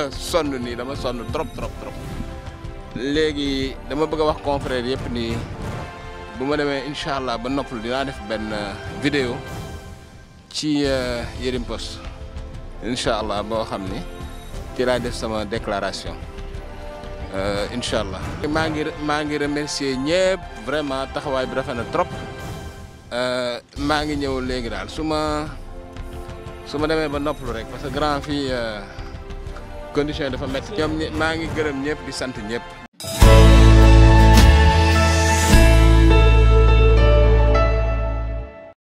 sonn nii dama sonn trop trop trop léegi dama bëgg a wax confrère yëpp nii bu ma demee incha allah ba noppal dinaa def benn euh, vidéo ci euh, Yérim Post incha allah boo xam ni ci def sama déclaration euh, incha allah. maa ngi maa ngi remercier ñëpp vraiment taxawaay bi rafet na trop maa ngi ñëw léegi daal su ma su ma demee ba noppalu rek parce que grand fii. condition dafa métti ñoom maa ngi gërëm ñëpp bi sant ñëpp.